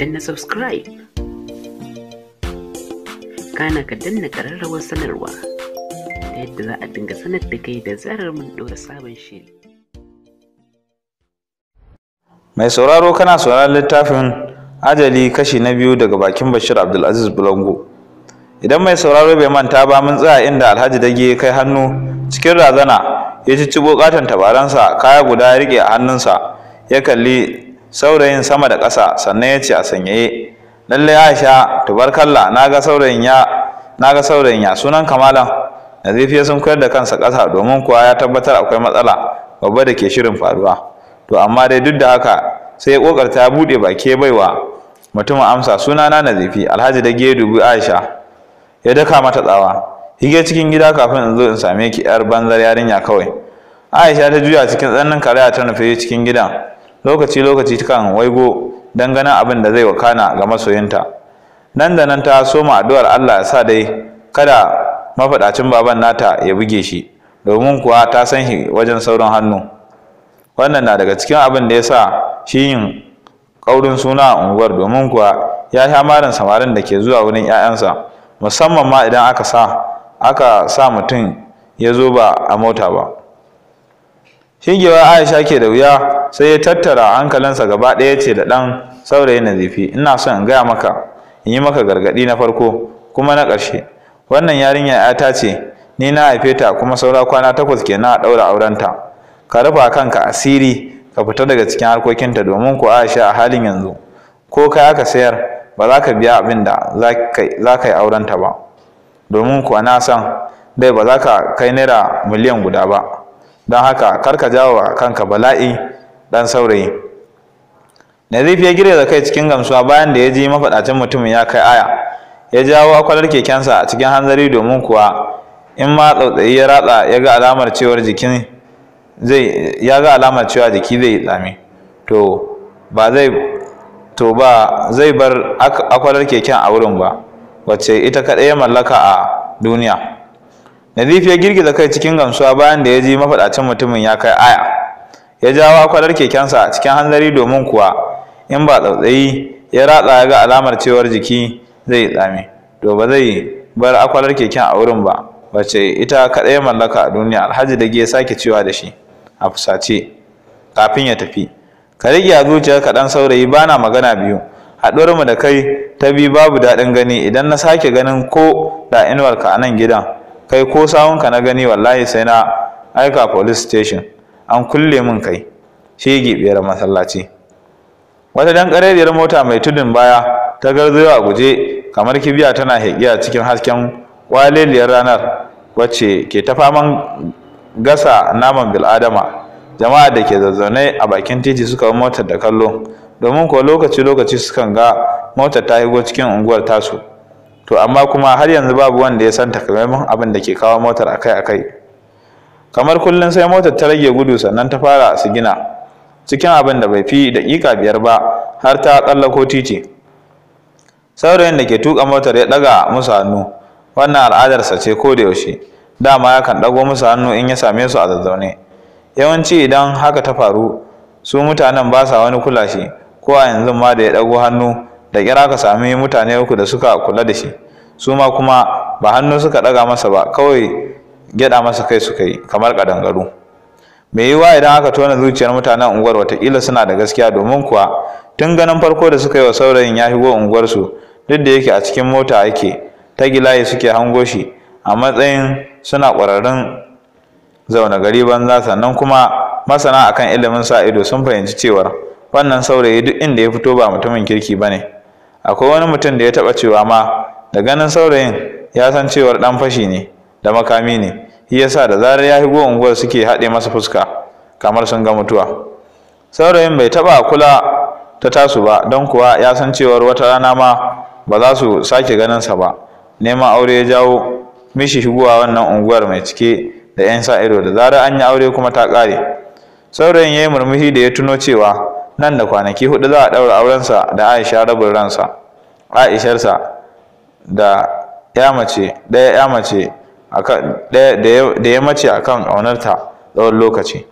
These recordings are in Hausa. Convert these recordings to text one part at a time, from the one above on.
danna subscribe kana ka danna ƙararrawar sanarwa ta yadda za a dinga sanar da kai da zarar mun ɗora sabon shiri mai sauraro kana sauraron littafin ajali kashi na biyu daga bakin bashir abdulaziz bulango idan mai sauraro bai manta ba mun tsaya inda alhaji dage kai hannu cikin razana ya ci cibo katon tabaransa kaya guda ya rike a hannunsa ya kalli saurayin sama da ƙasa sannan ya ce a sanyaye lallai aisha tubarkalla na ga saurayin ya na ga saurayin ya sunan kamalan nazifi ya sun koyar da kansa ƙasa domin kuwa ya tabbatar akwai matsala babba da ke shirin faruwa to amma dai duk da haka sai ya kokarta ya buɗe baki ya baiwa mutumin amsa suna na nazifi alhaji da gedu bi aisha ya daka mata tsawa hige cikin gida kafin in zo in same ki yar banzar yarinya kawai aisha ta juya cikin tsannin karaya ta nufi cikin gidan lokaci lokaci kan waigo don ganin abin da zai wakana ga masoyinta nan da nan ta soma addu'ar Allah ya sa dai kada mafaɗacin baban nata ya buge shi domin kuwa ta san shi wajen saurin hannu wannan na daga cikin abin da ya sa shi yin kaurin suna a unguwar domin kuwa ya sha marin samarin da ke zuwa wurin 'ya'yansa musamman ma idan aka aka sa mutum ya zo ba a mota ba shigewa aisha ke da wuya sai ya tattara hankalinsa gaba ɗaya ce da ɗan saurayin nazifi ina son in gaya maka in yi maka gargaɗi na farko kuma na ƙarshe wannan yarinya yata ce ni na haife ta kuma saura kwana takwas kenan a ɗaura aurenta ka rufa kanka asiri ka fita daga cikin harkokinta domin ku aisha a halin yanzu ko kai aka sayar ba za ka biya abin da za ka yi aurenta ba domin ku na san dai ba za ka kai naira miliyan guda ba don haka karka jawo a kanka bala'i ɗan saurayi nazif ya gire da kai cikin gamsuwa bayan da ya ji mafaɗacin mutumin ya kai aya ya jawo akwalar kekensa a cikin hanzari domin kuwa in ma tsautsayi ya ratsa ya ga alamar cewar jikin zai ya ga alamar cewa jiki zai tsami to ba zai to ba zai bar akwalar keken a wurin ba wacce ita kaɗai ya mallaka a duniya Nazif ya girgiza kai cikin gamsuwa bayan da ya ji mafaɗacin mutumin ya kai aya. Ya jawo kwalar kekensa cikin hanzari domin kuwa in ba tsautsayi ya ratsa ya ga alamar cewar jiki zai tsame. To ba zai bar akwalar keken a wurin ba, wacce ita kaɗai mallaka a duniya alhaji da ya sake cewa da shi a fusace kafin ya tafi. Ka riƙe a zuciyar kaɗan saurayi bana magana biyu. Haɗuwar mu da kai ta bi babu daɗin gani idan na sake ganin ko da inuwarka a nan gidan. kai ko ka na gani wallahi sai na aika police station an kulle min kai shege biyar masallaci wata dan kareriyar mota mai tudun baya ta garzo a guje kamar kibiya tana hekiya cikin hasken waleliyar ranar wacce ke ta faman gasa naman bil'adama jama'a da ke zazzaune a bakin titi suka motar da kallo domin ko lokaci lokaci sukan ga motar ta higo cikin unguwar tasu to amma kuma har yanzu babu wanda ya san takamaiman abin da ke kawo motar akai-akai kamar kullum sai motar ta rage gudu sannan ta fara su gina cikin abin da bai fi daƙiƙa biyar ba har ta tsallako titi saurayin da ke tuka motar ya ɗaga musu hannu wannan al'adarsa ce ko da yaushe dama ya kan ɗago musu hannu in ya same su a zazzaune yawanci idan haka ta faru su mutanen ba sa wani kula shi ko a yanzu ma da ya ɗago hannu da kira ka sami mutane uku da suka kula da shi su ma kuma ba hannu suka daga masa ba kawai gyada masa kai suka yi kamar kadangaru mai yiwa idan aka tona zuciyar mutanen unguwar watakila suna da gaskiya domin kuwa tun ganin farko da suka yi wa saurayin ya shigo unguwarsu duk da yake a cikin mota yake ta gilaye suke hango shi a matsayin suna ƙwararrun zaune gari banza sannan kuma masana akan ilimin sa ido sun fahimci cewar wannan saurayi duk inda ya fito ba mutumin kirki ba ne akwai wani mutum da ya taɓa cewa ma da ganin saurayin ya san cewar ɗan fashi ne da makami ne shi yasa da zarar ya higo unguwar suke haɗe masa fuska kamar sun ga mutuwa saurayin bai taɓa kula ta tasu ba don kuwa ya san cewar wata rana ma ba za su sake ganin sa ba neman aure ya jawo mishi shigowa wannan unguwar mai cike da 'yan sa ido da zarar an yi aure kuma ta ƙare saurayin ya yi murmushi da ya tuno cewa nan da kwanaki hudu za a ɗaura aurensa da Aisha rabin ransa Aisharsa da ya mace ɗaya ya mace da ya mace ƙaunarta tsawon lokaci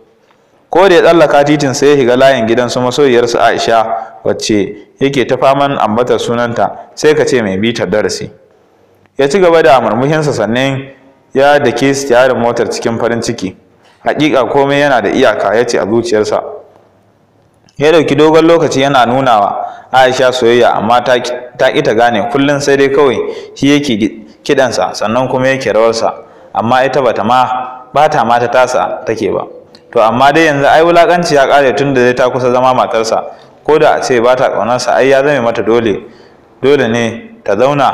ko da ya tsallaka titin sai ya shiga layin gidan su masoyiyarsa Aisha wacce yake ta faman ambatar sunanta sai ka ce mai bitar darasi ya ci gaba da murmushinsa sannan ya dake su motar cikin farin ciki hakika komai yana da iyaka ya ce a zuciyarsa ya ɗauki dogon lokaci yana nuna wa Aisha soyayya amma ta ta gane kullum sai dai kawai shi yake kiɗansa sannan kuma yake rawarsa amma ita bata ma ta ma ta tasa take ba to amma dai yanzu ai wulakanci ya kare tun da ta kusa zama matarsa ko da a ce bata kaunarsa ai ya zame mata dole dole ne ta zauna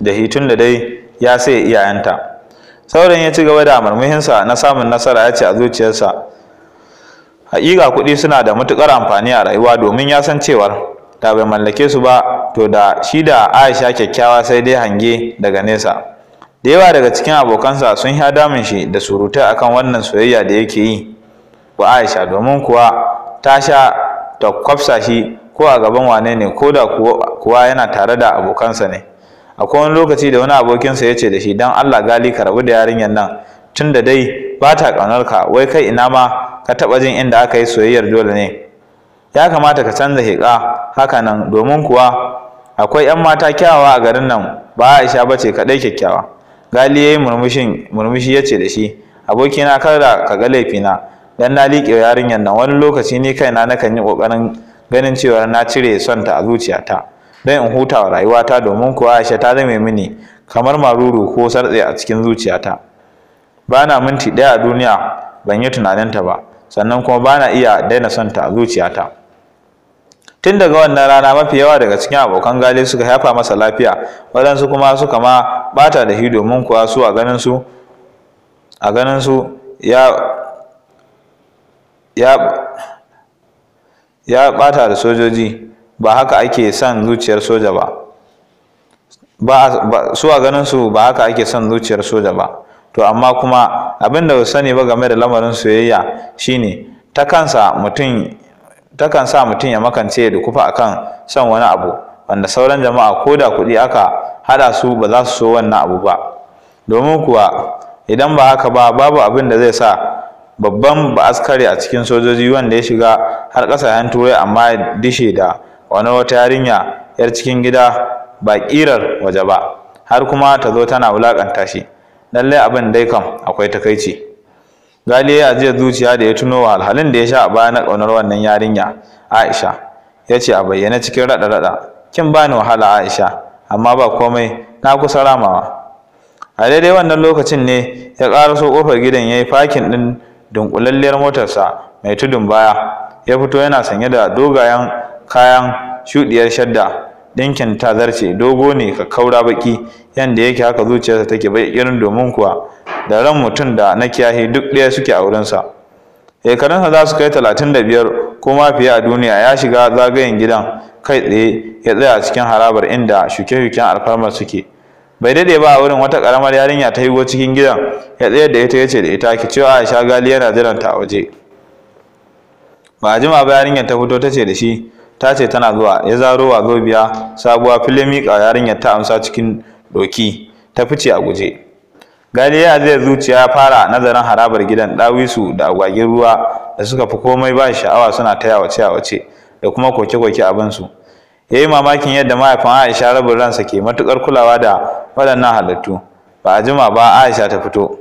da tun da dai ya sai iyayenta sauran ya ci gaba da marmuhinsa na samun nasara ya ce a zuciyarsa haƙiƙa kuɗi suna da matuƙar amfani a rayuwa domin ya san cewar da bai mallake su ba to da shi da Aisha kyakkyawa sai dai hange daga nesa da yawa daga cikin abokansa sun sha damun shi da surutai akan wannan soyayya da yake yi wa Aisha domin kuwa ta sha ta kwafsa shi ko a gaban wane ne ko da kuwa yana tare da abokansa ne akwai wani lokaci da wani abokinsa ya ce da shi don Allah gali ka rabu da yarinyar nan tun da dai ba ta ƙaunar ka wai kai ina ma ka taɓa jin inda aka yi soyayyar dole ne ya kamata ka canza hiƙa haka nan domin kuwa akwai 'yan mata kyawawa a garin nan ba Aisha ba ce kaɗai kyakkyawa gali ya yi murmushi ya ce da shi abokina kada ka ga laifina dan na liƙe yarinyar nan wani lokaci ni na nakan yi ƙoƙarin ganin cewa na cire sonta a zuciyata don in huta wa rayuwata domin kuwa Aisha ta zame mini kamar maruru ko sartse a cikin zuciyata bana minti ɗaya a duniya ban yi tunanin ta ba sannan kuma bana iya daina son ta a zuciyata tun daga wannan rana mafi yawa daga cikin abokan gali suka haifa masa lafiya waɗansu kuma suka ma bata da shi domin kuwa su a ganin su a ganin su ya ya ya bata da sojoji ba haka ake son zuciyar soja ba ba su a ganin su ba haka ake son zuciyar soja ba to amma kuma abin da ba sani ba game da lamarin soyayya shine ta ta kan sa mutum ya makance da kufa akan son wani abu wanda sauran jama'a ko da kuɗi aka haɗa su ba za su so wannan abu ba domin kuwa idan ba haka ba babu abin da zai sa babban ba askari a cikin sojoji wanda ya shiga har ƙasashen turai amma dishe da wani wata yarinya yar cikin gida ba ƙirar waje ba har kuma ta zo tana wulaƙanta shi lallai abin dai kam akwai takaici gali ya ajiya zuciya da ya tuno wa alhalin da ya sha a baya na ƙaunar wannan yarinya aisha ya ce a bayyana cikin raɗa-raɗa kin bani wahala aisha amma ba komai na kusa ramawa a daidai wannan lokacin ne ya ƙara so ƙofar gidan ya yi fakin ɗin dunƙulalliyar motarsa mai tudun baya ya fito yana sanye da dogayen kayan shuɗiyar shadda Dinkin ta zarce dogo ne ka kaura baki yanda yake haka zuciyarsa take bai irin domin kuwa da ran mutum da na kiyaye duk ɗaya suke a wurinsa shekarunsa za su kai talatin da biyar ko ma a duniya ya shiga zagayen gidan kai tsaye ya tsaya a cikin harabar inda shuke-shuken alfarmar suke bai daɗe ba a wurin wata karamar yarinya ta yiwo cikin gidan ya tsaye da ita ya da ita ki cewa aisha gali yana jiranta a waje ba a jima ba yarinya ta fito ta ce da shi ta ce tana zuwa ya zaro wa zobiya sabuwa fili miƙa yarinyar ta amsa cikin doki ta fice a guje galiya zai zuciya ya fara nazarin harabar gidan ɗawisu da agwagin ruwa da suka fi komai ba sha'awa suna ta yawace yawace da kuma koke-koke abinsu ya yi mamakin yadda mahaifin aisha rabin ransa ke matuƙar kulawa da waɗannan halittu ba a jima ba aisha ta fito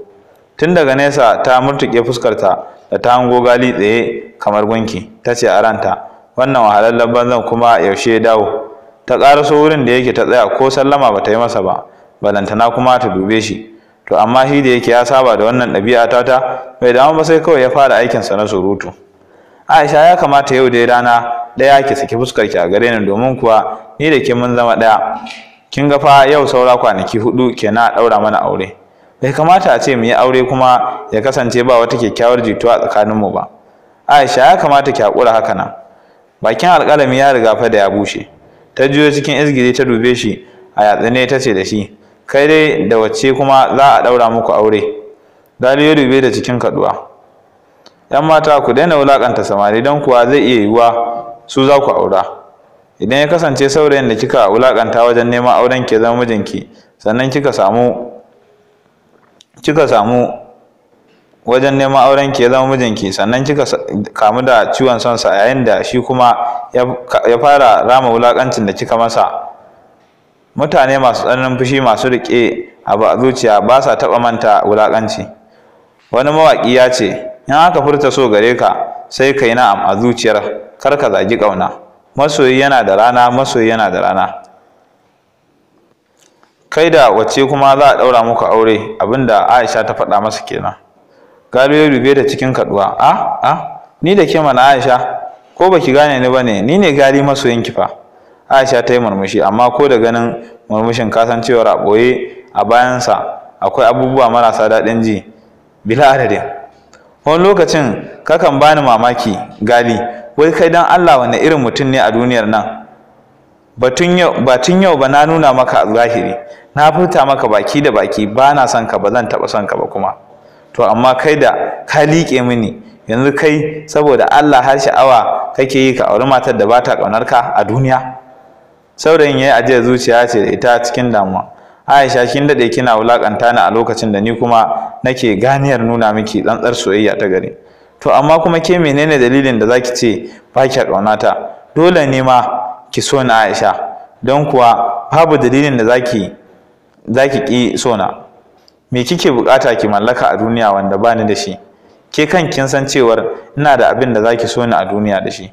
tun daga nesa ta murtuke fuskarta da ta hango gali tsaye kamar gunki ta ce a ranta wannan wahalallen banzan kuma yaushe ya dawo ta ƙaraso wurin da yake ta tsaya ko sallama ba ta yi masa ba balantana kuma ta dube shi to amma shi da yake ya saba da wannan ɗabi'a ta ta bai dawo ba sai kawai ya fara aikin sa na surutu aisha ya kamata yau dai rana ɗaya ki saki fuskar ki a gare ni domin kuwa ni da ke mun zama ɗaya kin ga fa yau saura kwanaki hudu kenan a ɗaura mana aure bai kamata a ce mu yi aure kuma ya kasance ba wata kyakkyawar jituwa tsakaninmu ba aisha ya kamata ki haƙura haka nan bakin alƙalami ya riga fa da ya bushe ta juyo cikin izgiri ta dube shi a yatsune ta ce da shi kai dai da wacce kuma za a ɗaura muku aure dali ya dube da cikin kaduwa yan mata ku daina wulakanta samari don kuwa zai iya yiwuwa su za ku aura idan ya kasance saurayin da kika wulakanta wajen neman auren ke zama mijinki sannan kika samu kika samu wajen neman auren ke ya zama mijinki sannan kika kamu da ciwon sonsa yayin da shi kuma ya fara rama wulakancin da kika masa mutane masu tsananin fushi masu rike a ba zuciya ba sa taba manta wulakanci wani mawaki ya ce in aka furta so gare ka sai kai na'am a zuciyar kar ka zagi ƙauna masoyi yana da rana masoyi yana da rana kai da wace kuma za a daura muku aure abinda Aisha ta faɗa masa kenan gado ya rufe da cikin kaduwa a ah, a ah, ni da ke mana aisha ko baki gane ni bane ni ne gari masoyin ki fa aisha ta yi murmushi amma ko da ganin murmushin kasancewar a boye a bayansa akwai abubuwa marasa daɗin ji bila adadin wani lokacin kakan bani mamaki gali wai kai dan allah wani irin mutum ne a duniyar nan batun yau ba na nuna maka zahiri na furta maka baki da baki ba na son ka ba zan taɓa son ka ba kuma to amma kai da ka liƙe mini yanzu kai saboda Allah har sha'awa kake yi ka auri matar da bata ta ƙaunar ka a duniya saurayin ya yi ajiyar zuciya ce da ita cikin damuwa Aisha kin daɗe kina wulaƙanta ni a lokacin da ni kuma nake ganiyar nuna miki tsantsar soyayya ta gari to amma kuma ke menene dalilin da zaki ce ba ki ƙaunata dole ne ma ki so na Aisha don kuwa babu dalilin da zaki zaki ki so na me kike bukata ki mallaka a duniya wanda bani da shi ke kan kin san cewar ina da abin da zaki so ni a duniya da shi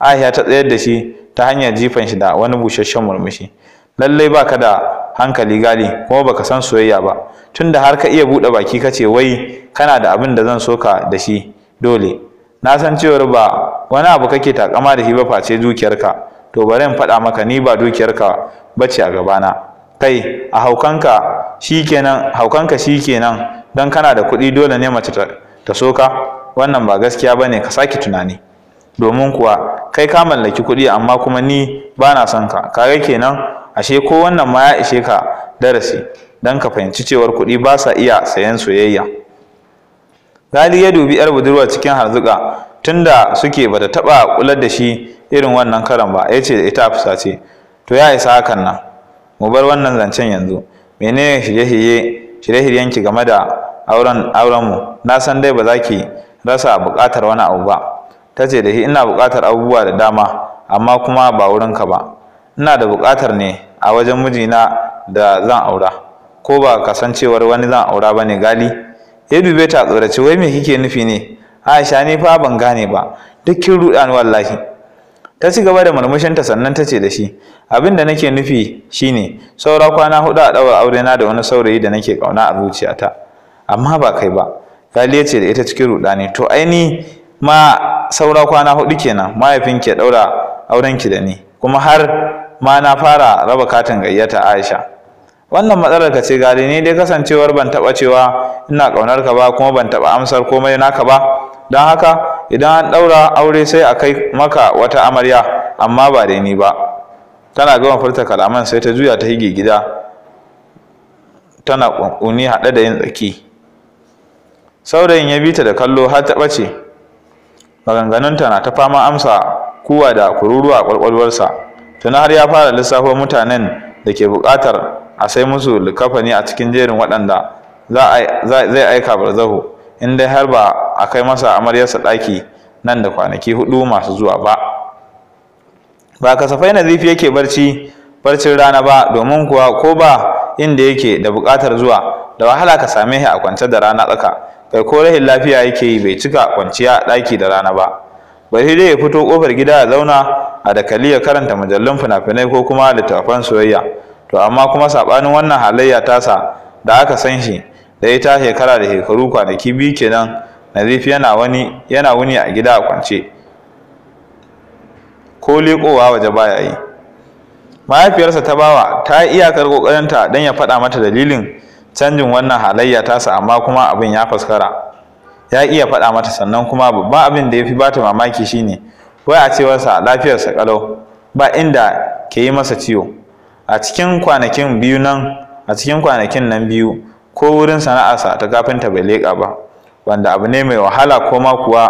Aisha ta tsayar da shi ta hanyar jifan shi da wani busasshen murmushi lallai baka da hankali gali kuma baka san soyayya ba tunda har ka iya bude baki kace wai kana da abin da zan soka da shi dole na san cewar ba wani abu kake takama da shi ba face dukiyarka to bari in faɗa maka ni ba dukiyarka bace a gabana kai a haukanka shikenan haukanka shikenan dan kana da kuɗi dole ne mace ta soka wannan ba gaskiya ba ne ka saki tunani domin kuwa kai ka mallaki kuɗi amma kuma ni ba na son ka kaga kenan ashe ko wannan ma ya ishe ka darasi dan ka fahimci cewar kuɗi ba sa iya sayan soyayya gali ya dubi yar budurwa cikin harzuka tunda suke bata taɓa kular da shi irin wannan karan ba ya ce da ita a fusace to ya isa hakan nan mu bar wannan zancen yanzu menene shirye-shirye shirye-shiryenki game da auren aurenmu na san dai ba za ki rasa buƙatar wani abu ba ta ce da shi ina buƙatar abubuwa da dama amma kuma ba wurin ka ba ina da buƙatar ne a wajen mijina da zan aura ko ba kasancewar wani zan aura ba ne gali ya dube ta tsoraci wai me kike nufi ne aisha ni fa ban gane ba duk kin ruɗa ni wallahi ta ci gaba da murmushinta sannan ta ce da shi abin da nake nufi shine saura kwana hudu a daura aure na da wani saurayi da nake kauna a zuciyata amma ba kai ba Gali ya ce da ita cikin rudani to aini ma saura kwana hudu kenan mahaifinki ya daura aurenki da ni kuma har ma na fara raba katin gayyata Aisha wannan matsalar ka ce gali ne dai kasancewar ban taba cewa ina kaunar ka ba kuma ban taba amsar komai naka ba don haka idan an ɗaura aure sai a kai maka wata amarya amma ba da ni ba tana gama furta kalaman sai ta juya ta hige gida tana ƙunƙuni haɗe da yin tsaki saurayin ya bi ta da kallo har ta ɓace maganganunta na ta fama amsa kuwa da kururuwa a tuna har ya fara lissafo mutanen da ke buƙatar a sai musu likafani a cikin jerin waɗanda zai aika barzahu in dai har ba a kai masa amaryarsa ɗaki nan da kwanaki hudu masu zuwa ba ba kasafai nazifi yake barci barcin rana ba domin kuwa ko ba inda yake da buƙatar zuwa da wahala ka same shi a kwance da rana tsaka kai ko rahin lafiya yake yi bai cika kwanciya ɗaki da rana ba bari dai ya fito ƙofar gida ya zauna a dakali ya karanta mujallun fina-finai ko kuma littattafan soyayya to amma kuma saɓanin wannan halayya tasa da aka san shi da ya ta shekara da shekaru kwanaki biyu kenan nazif yana wani yana wuni a gida a kwance ko leƙowa waje baya yi mahaifiyarsa ta bawa ta yi iyakar ƙoƙarinta don ya faɗa mata dalilin canjin wannan halayya tasa amma kuma abin ya faskara ya iya faɗa mata sannan kuma babban abin da ya fi bata mamaki shine wai a cewarsa lafiyarsa ƙalau ba inda ke yi masa ciwo a cikin kwanakin biyu nan a cikin kwanakin nan biyu ko wurin sana'arsa ta kafinta bai leƙa ba wanda abu ne mai wahala ko ma kuwa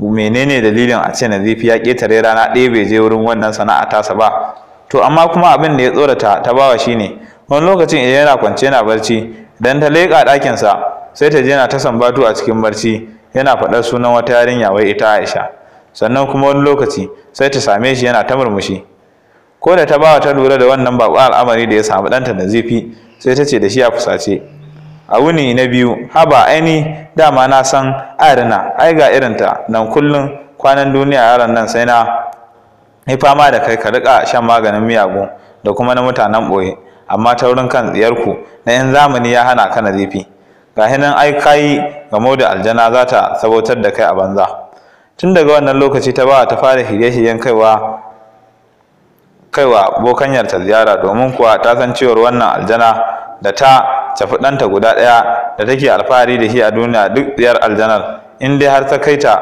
menene dalilin a ce nazifi ya ƙetare rana ɗaya bai je wurin wannan sana'a tasa ba to amma kuma abin da ya tsorata ta bawa ne wani lokacin idan yana kwance yana barci dan ta leƙa ɗakinsa sai ta je na ta sambatu a cikin barci yana faɗar sunan wata yarinya wai ita Aisha sannan kuma wani lokaci sai ta same shi yana ta murmushi ko da ta bawa ta lura da wannan baƙon al'amari da ya samu ɗanta nazifi sai ta ce da shi a fusace a wuni na biyu haba aini dama na san arina ai ga irinta nan kullum kwanan duniya yaron nan sai na yi fama da kai ka rika shan maganin miyagun da kuma na mutanen ɓoye amma ta wurin kan tsiyarku na yan zamani ya hana ka nazifi ga hinan ai ga gamo da aljana za ta sabotar da kai a banza tun daga wannan lokaci ta ba ta fara shirye-shiryen kaiwa kaiwa bokanyar ta ziyara domin kuwa ta san cewar wannan aljana da ta tafi ɗanta guda ɗaya da take alfahari da shi a duniya duk ɗiyar aljanar in dai har ta kai ta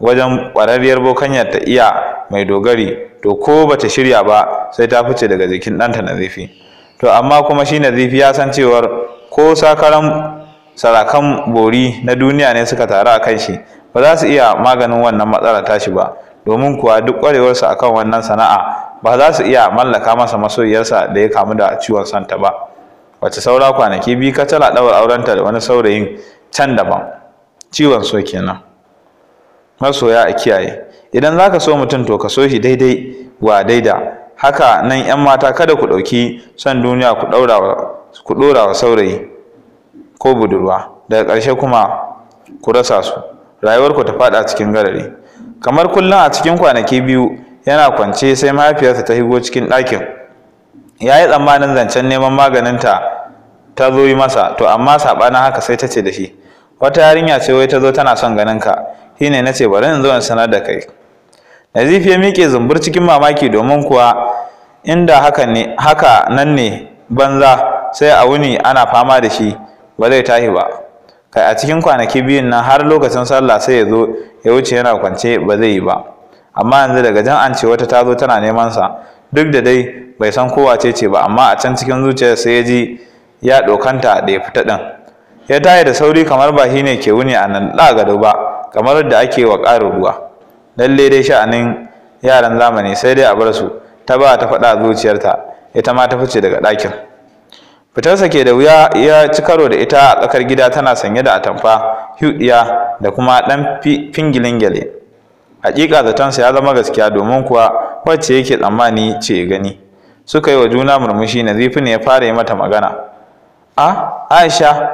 wajen ƙwararriyar bokanyar ta iya mai dogari to ko bata shirya ba sai ta fice daga jikin ɗanta nazifi to amma kuma shi nazifi ya san cewar ko sakaran sarakan bori na duniya ne suka taru a kan shi ba za su iya maganin wannan matsalar tashi ba domin kuwa duk ƙwarewarsa akan wannan sana'a ba za su iya mallaka masa masoyiyarsa da ya kamu da ciwon santa ba wace saura kwanaki biyu ka tara ɗaura aurenta da wani saurayin can daban ciwon so kenan masoya a kiyaye idan za ka so mutum to ka so shi daidai wa daida haka nan 'yan mata kada ku ɗauki son duniya ku ɗora wa saurayi ko budurwa daga ƙarshe kuma ku rasa su rayuwarku ta faɗa cikin garare kamar kullum a cikin kwanaki biyu yana kwance sai mahaifiyarsa ta higo cikin ɗakin ya yi tsammanin zancen neman maganin ta zo yi masa to amma saɓanin haka sai ta ce da shi wata yarinya ce wai ta zo tana son ganin ka shine na ce bari in zo in sanar da kai nazif ya miƙe zumbur cikin mamaki domin kuwa inda haka ne haka nan ne banza sai a wuni ana fama da shi ba zai tahi ba kai a cikin kwanaki biyun nan har lokacin sallah sai ya zo ya wuce yana kwance ba zai yi ba amma yanzu daga jan an ce wata ta zo tana neman sa duk da dai bai san kowa ce ce ba amma a can cikin zuciyar sai ya ji ya ɗokanta da ya fita ɗin ya tayi da sauri kamar ba shi ne ke wuni a nan gado ba kamar da ake wa ƙarin ruwa lalle dai sha'anin yaran zamani sai dai a bar su ta ba ta faɗa zuciyarta ita ma ta fice daga ɗakin fitarsa ke da wuya ya ci karo da ita a tsakar gida tana sanye da atamfa hudiya da kuma ɗan fingilin gyale hakika sa ya zama gaskiya domin kuwa wacce yake tsammani ce gani suka yi wa juna murmushi Nazifi ne ya fara yi mata magana a aisha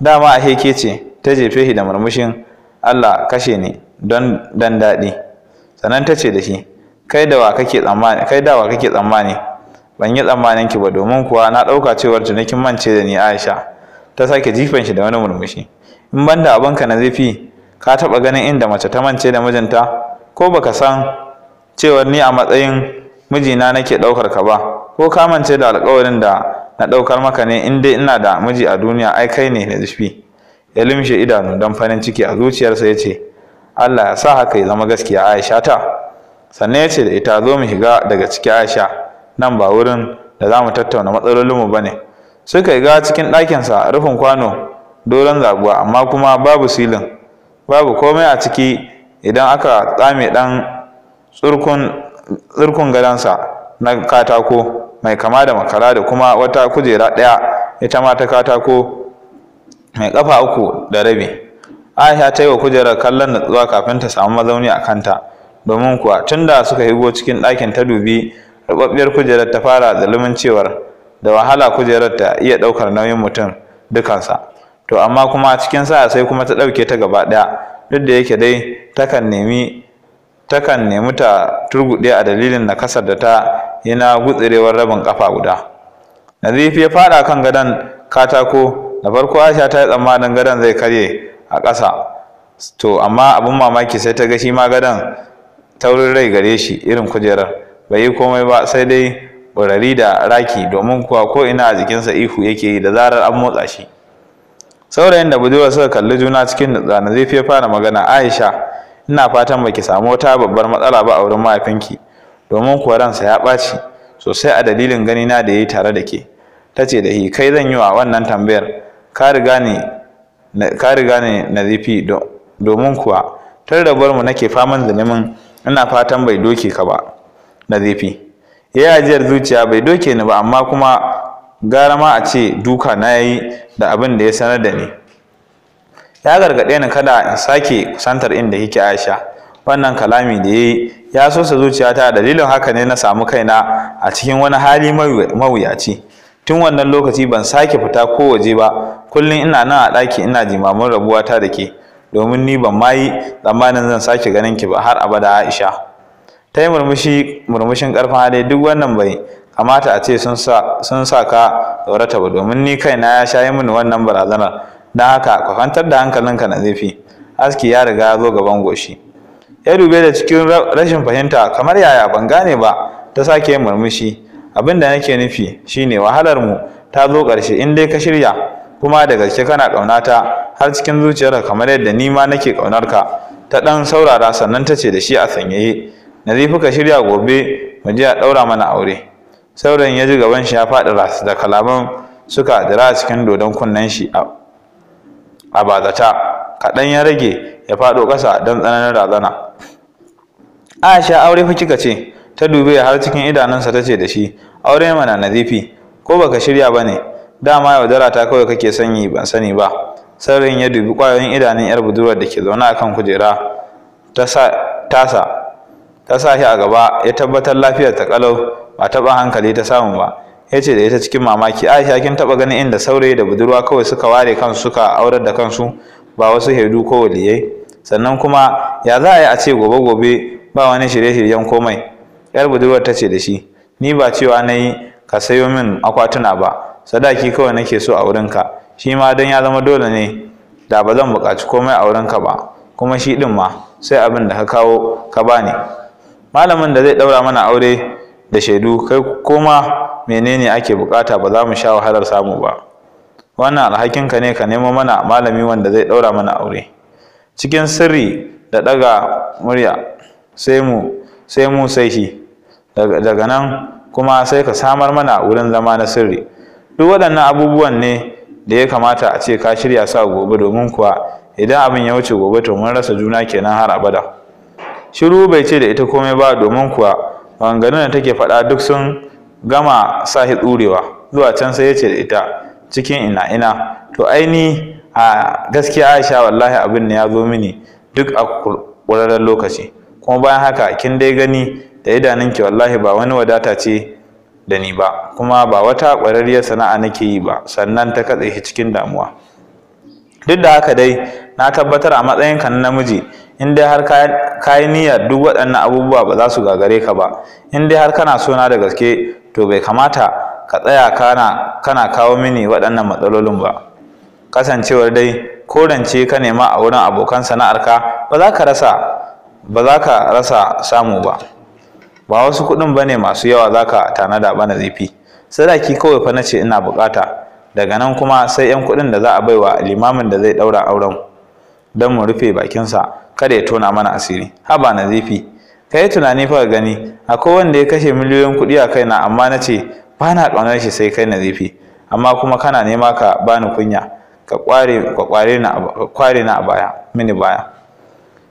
dama a heke ce ta jefe shi da murmushin allah kashe ne don dan daɗi sannan ta ce da shi kai da wa kake tsammani kai ban yi tsammanin ki ba domin kuwa na ɗauka cewar tunakin mance da ni aisha ta sake jifan shi da wani murmushi in banda abinka na zafi ka taɓa ganin inda mace ta mance da mijinta ko baka san cewar ni a matsayin mijina nake ɗaukar ka ba ko kamance da alƙawarin da na ɗaukar maka ne in dai ina da miji a duniya ai kai ne na zufi ya limshe idanu don farin ciki a zuciyarsa ya ce Allah ya sa haka ya zama gaskiya Aisha ta sannan ya ce da ita zo mu shiga daga ciki Aisha nan ba wurin da za mu tattauna matsalolinmu ba ne suka ga cikin ɗakinsa rufin kwano doron zabuwa amma kuma babu silin babu komai a ciki idan aka tsame ɗan tsurkun gadansa na katako mai kama da makara da kuma wata kujera ɗaya ita ma ta katako mai ƙafa uku da rabi aisha ta yi wa kujerar kallon natsuwa kafin ta samu mazauni a kanta domin kuwa tun da suka higo cikin ɗakin ta dubi rubabbiyar kujerar ta fara zalumin cewar da wahala kujerar ta iya ɗaukar nauyin mutum dukansa to amma kuma cikin sa sai kuma ta ɗauke ta gaba ɗaya duk da yake dai takan nemi takan nemi ta turguɗe a dalilin na nakasar da ta yi na gutsirewar rabin kafa guda nazifi ya fada kan gadon katako da farko aisha ta yi tsammanin gadon zai karye a ƙasa to amma abin mamaki sai ta ga shi ma gadon taurin rai gare shi irin kujerar bai yi komai ba sai dai burari da raki domin kuwa ko ina a jikinsa ihu yake yi da zarar an motsa shi saurayin da budurwa suka kalli juna cikin nutsa na zai fara magana aisha ina fatan baki samu wata babbar matsala ba a wurin mahaifinki domin kuwa ransa ya ɓaci sosai a dalilin ganina da ya yi tare da ke ta ce da hi kai zan yi wa wannan tambayar ka riga ne nazifi domin kuwa tun rabar mu nake faman zulumin ina fatan bai doke ka ba nazifi ya yi ajiyar zuciya bai doke ni ba amma kuma gara ma a ce duka na yi da abin da ya sanar da ni ya gargaɗe ni kada in sake kusantar inda yake Aisha wannan kalami da yayi ya so sa zuciyata dalilin haka ne na samu kaina a cikin wani hali mawuyaci tun wannan lokaci ban sake fita ko waje ba kullum ina nan a daki ina jimamin rabuwata da ke domin ni ban ma yi tsammanin zan sake ganin ki ba har abada Aisha ta yi murmushi murmushin ƙarfin hali duk wannan bai kamata a ce sun sa ka tsorata ba domin ni kaina ya sha yi mini wannan barazanar don haka ka kwantar da hankalinka na zafi aski ya riga ya zo gaban goshi ya dube da cikin rashin fahimta kamar yaya ban gane ba ta sake murmushi abin da nake nufi shine wahalar mu ta zo ƙarshe in dai ka shirya kuma da gaske kana kauna ta har cikin zuciyarka kamar yadda ni ma nake ƙaunarka ta ɗan saurara sannan ta ce da shi a sanyaye nazifi ka shirya gobe mu je a ɗaura mana aure sauran ya ji gaban shi ya faɗi ras da kalaman suka dira a cikin dodon kunnen shi a bazata kaɗan ya rage ya faɗo ƙasa don tsananin razana aisha aure fa kika ce ta dube har cikin idanunsa ta ce da shi aure mana nazifi ko baka shirya ba ne dama yaudara ta kawai kake sanyi ban sani ba sarrin ya dubi ƙwayoyin idanun yar budurwar da ke zaune a kan kujera tasa ta sa shi a gaba ya tabbatar lafiyar ta kalau ba taɓa hankali ta samu ba ya ce da ita cikin mamaki aisha kin taɓa ganin inda saurayi da budurwa kawai suka ware kansu suka aurar da kansu ba wasu haidu ko waliyai sannan kuma ya za a yi a ce gobe gobe ba wani shirye-shiryen komai yar budurwar ta ce da shi ni ba cewa na yi ka sayo min akwatuna ba sadaki kawai nake so a wurinka shi ma don ya zama dole ne da ba zan buƙaci komai a wurinka ba kuma shi ɗin ma sai abin da ka kawo ka bani malamin da zai ɗaura mana aure da shaidu kai koma menene ake bukata ba za mu sha wahalar samu ba wannan alhakinka ne ka nemo mana malami wanda zai daura mana aure cikin sirri da daga murya sai mu sai mu sai shi daga nan kuma sai ka samar mana wurin zama na sirri duk waɗannan abubuwan ne da ya kamata a ce ka shirya sa gobe domin kuwa idan abin ya wuce gobe to mun rasa juna kenan har abada shiru bai ce da ita komai ba domin kuwa maganganun da take faɗa duk sun gama sa shi tsurewa zuwa can sai ya ce da ita cikin ina ina to aini a gaskiya aisha wallahi abin ne ya zo mini duk a ƙurarren lokaci kuma bayan haka kin dai gani da idanunki wallahi ba wani wadata ce da ni ba kuma ba wata ƙwararriyar sana'a nake yi ba sannan ta katse shi cikin damuwa duk da haka dai na tabbatar a matsayinka na namiji in dai har ka yi niyyar duk waɗannan abubuwa ba za su gagare ka ba in dai har kana sona da gaske to bai kamata ka tsaya kana kana kawo mini waɗannan matsalolin ba kasancewar dai korance ka nema a wurin abokan sana'arka ba za ka rasa ba za ka rasa samu ba ba wasu kuɗin ba ne masu yawa za ka tanada bana zifi sadaki kawai fa na ce ina bukata daga nan kuma sai 'yan kuɗin da za a baiwa limamin da zai ɗaura auren don mu rufe bakinsa kada ya tona mana asiri haba na zifi ka yi tunani fa gani akwai wanda ya kashe miliyoyin kuɗi a kaina amma na ce ba na ƙaunar shi sai kai na zifi amma kuma kana nema ka bani kunya ka kware na a baya mini baya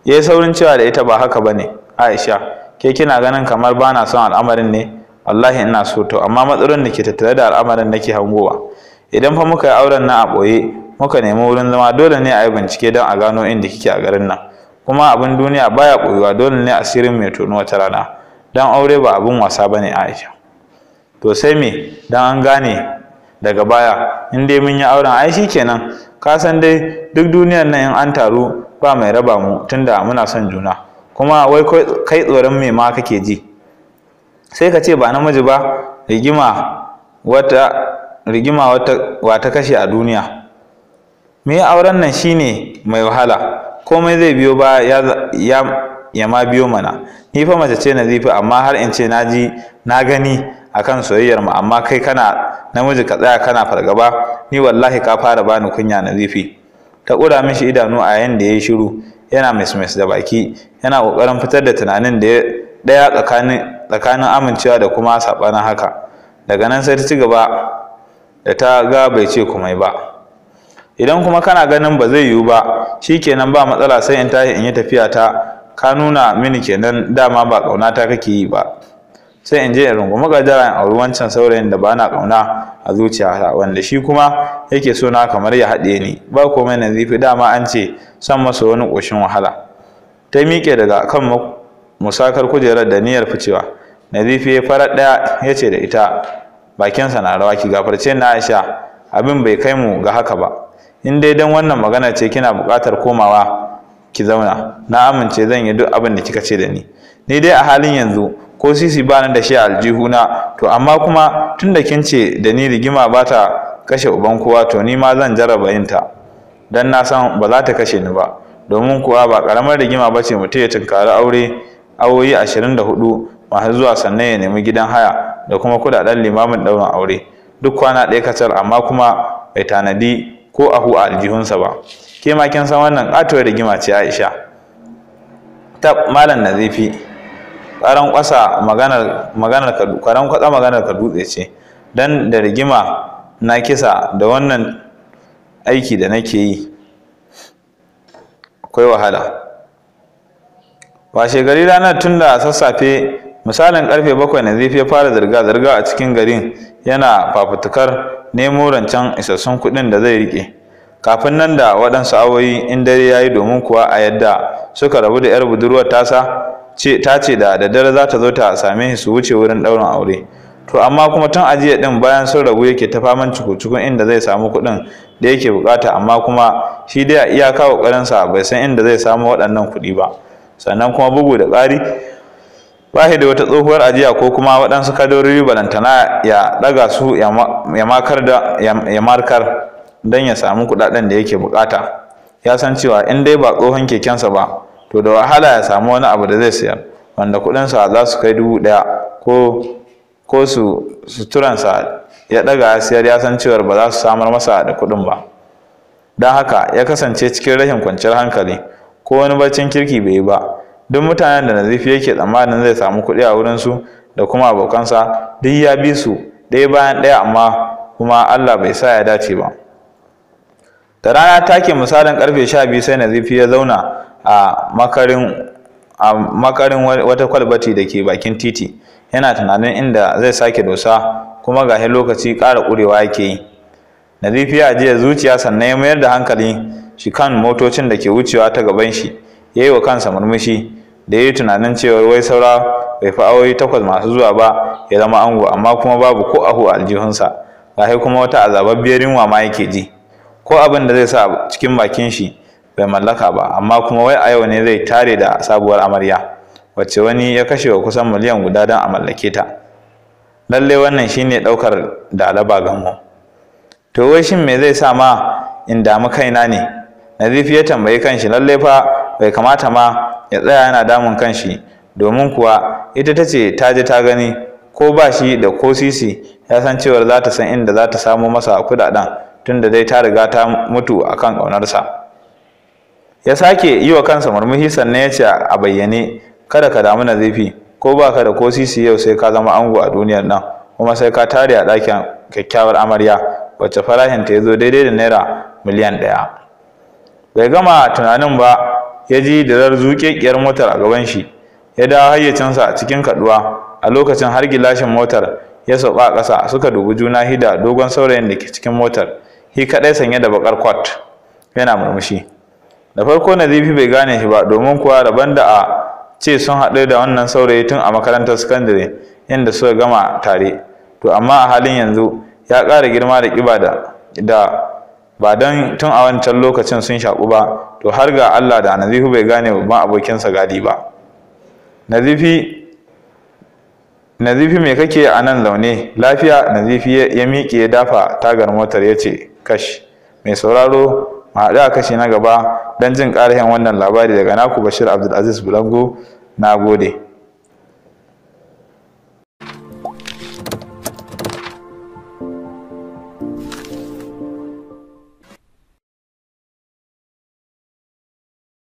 ya yi saurin cewa da ita ba haka ba ne aisha ke kina ganin kamar ba na son al'amarin ne wallahi ina so to amma matsalolin da ke tattare da al'amarin nake hangowa idan fa muka yi auren na a ɓoye muka nemi wurin zama dole ne a yi bincike don a gano inda kike a garin nan kuma abin duniya baya koyuwa dole ne asirin mai tono wata rana don aure ba abin wasa bane Aisha to sai me dan an gane daga baya in dai mun yi auren aishi shikenan ka san dai duk duniyar nan in an taru ba mai raba mu tunda muna son juna kuma wai kai tsoron me ma kake ji sai ka ce ba namiji ba rigima wata rigima wata kashe a duniya me auren nan shine mai wahala komai zai biyo ba ya ma biyo mana ni fa mace ce nazifi amma har in ce naji na gani akan soyayyar mu amma kai kana namiji ka tsaya kana fargaba ni wallahi ka fara bani kunya nazifi ta ƙura mishi idanu a yayin da ya shiru yana mismis da baki yana kokarin fitar da tunanin da ɗaya tsakanin tsakanin amincewa da kuma saɓanin haka daga nan sai ta ci gaba da ta ga bai ce komai ba idan kuma kana ganin ba zai yiwu ba shi kenan ba matsala sai in tashi in yi tafiya ta ka nuna mini kenan dama ba kauna ta kake yi ba sai in je in rungumi gajara in auri wancan saurayin da ba na kauna a zuciyata wanda shi kuma yake so na kamar ya haɗe ni ba komai na zifi dama an ce son masa wani ƙoshin wahala ta miƙe daga kan musakar kujerar da niyyar ficewa nazifi ya farar ɗaya ya ce da ita bakinsa na rawa ki gafarce na aisha abin bai kai mu ga haka ba in dai dan wannan magana ce kina buƙatar komawa ki zauna na amince zan yi duk abin da kika ce da ni ni dai a halin yanzu ko sisi ba da shi a aljihuna to amma kuma tunda kin ce da ni rigima ba ta kashe uban kowa to ni ma zan jarraba yin ta dan na san ba za ta kashe ni ba domin kuwa ba karamar rigima ba ce mutum ya tunkari aure awoyi ashirin da hudu masu zuwa sannan ya nemi gidan haya da kuma kudaden limamin ɗaurin aure duk kwana ɗaya kacal amma kuma bai tanadi ko a hu a aljihunsa ba ke ma kin san wannan katuwar rigima ce Aisha ta malam nazifi karan kwasa maganar maganar ka karan kwasa maganar ka dutse ce dan da rigima na kisa da wannan aiki da nake yi akwai wahala washe gari ranar tun da sassafe misalin karfe bakwai na zafi ya fara zirga-zirga a cikin garin yana fafutukar nemo rancen isassun kuɗin da zai riƙe kafin nan da waɗansu awoyi in dare ya yi domin kuwa a yadda suka rabu da 'yar budurwar tasa ta ce da daddare za ta zo ta same su wuce wurin ɗaurin aure to amma kuma tun ajiya ɗin bayan sun rabu yake ta faman cikucikun inda zai samu kuɗin da yake bukata amma kuma shi dai a iyaka ƙoƙarinsa bai san inda zai samu waɗannan kuɗi ba sannan kuma bugu da ƙari ba da wata tsohuwar ajiya ko kuma waɗansu kadarori balantana ya ɗaga su ya makar da don ya samu kuɗaɗen da yake buƙata ya san cewa in dai ba tsohon kekensa ba to da wahala ya samu wani abu da zai sayar wanda kuɗinsa za su kai dubu ɗaya ko su suturansa ya ɗaga ya sayar ya san cewar ba za su samar masa da kuɗin ba don haka ya kasance cikin rashin kwanciyar hankali ko wani barcin kirki bai yi ba duk mutanen da nazifi yake tsammanin zai samu kuɗi a wurinsu da kuma abokansa duk ya bi su ɗaya bayan ɗaya amma kuma allah bai sa ya dace ba da rana take misalin karfe sha biyu sai nazifi ya zauna a makarin a makarin wata kwalbati da ke bakin titi yana tunanin inda zai sake dosa kuma ga gashi lokaci ƙara ƙurewa yake yi nazifi ya ajiye zuciya sannan ya mayar da hankali shi kan motocin da ke wucewa ta gaban shi ya yi wa kansa murmushi da ya yi tunanin cewar wai saura bai fi awoyi takwas masu zuwa ba ya zama ango amma kuma babu ko ahu a aljihunsa gashi kuma wata azababbiyar yunwa ma yake ji ko abin da zai sa cikin bakin shi bai mallaka ba amma kuma wai a yau ne zai tare da sabuwar amarya wacce wani ya kashe wa kusan miliyan guda don a mallake ta lallai wannan shine ɗaukar da alaba gamo to wai shin me zai sa ma in damu kaina ne nazifi ya tambayi kanshi lallai fa bai kamata ma ya tsaya yana damun kanshi domin kuwa ita ta ce ta ji ta gani ko ba shi da ko sisi ya san cewar za ta san inda za ta samo masa kudaden tunda dai ta riga ta mutu akan ƙaunarsa ya sake yi wa kansa murmushi sannan ya ce a bayyane kada ka damu na zafi ko ba ka da ko sisi yau sai ka zama ango a duniyar nan kuma sai ka tare a ɗakin kyakkyawar amarya wacce farahinta ya zo daidai da naira miliyan ɗaya bai gama tunanin ba ya ji zar zuƙeƙiyar motar a gaban shi ya dawo hayyacinsa a cikin kaduwa a lokacin har gilashin motar ya sauka a ƙasa suka dubi juna hida dogon saurayin da ke cikin motar hi kaɗai sanye da baƙar kwat yana murmushi da farko nazifi bai gane shi ba domin kuwa rabon da a ce sun haɗu da wannan saurayi tun a makarantar sakandare inda suka gama tare to amma a halin yanzu ya ƙara girma da ƙiba da ba don tun a wancan lokacin sun shaƙu ba to har ga Allah da nazifu bai gane babban abokinsa gadi ba nazifi nazifi me kake a nan zaune lafiya nazifi ya miƙe ya dafa tagar motar ya ce kash mai sauraro ma a kashi na gaba don jin ƙarhin wannan labari daga naku bashir abdulaziz bulango na gode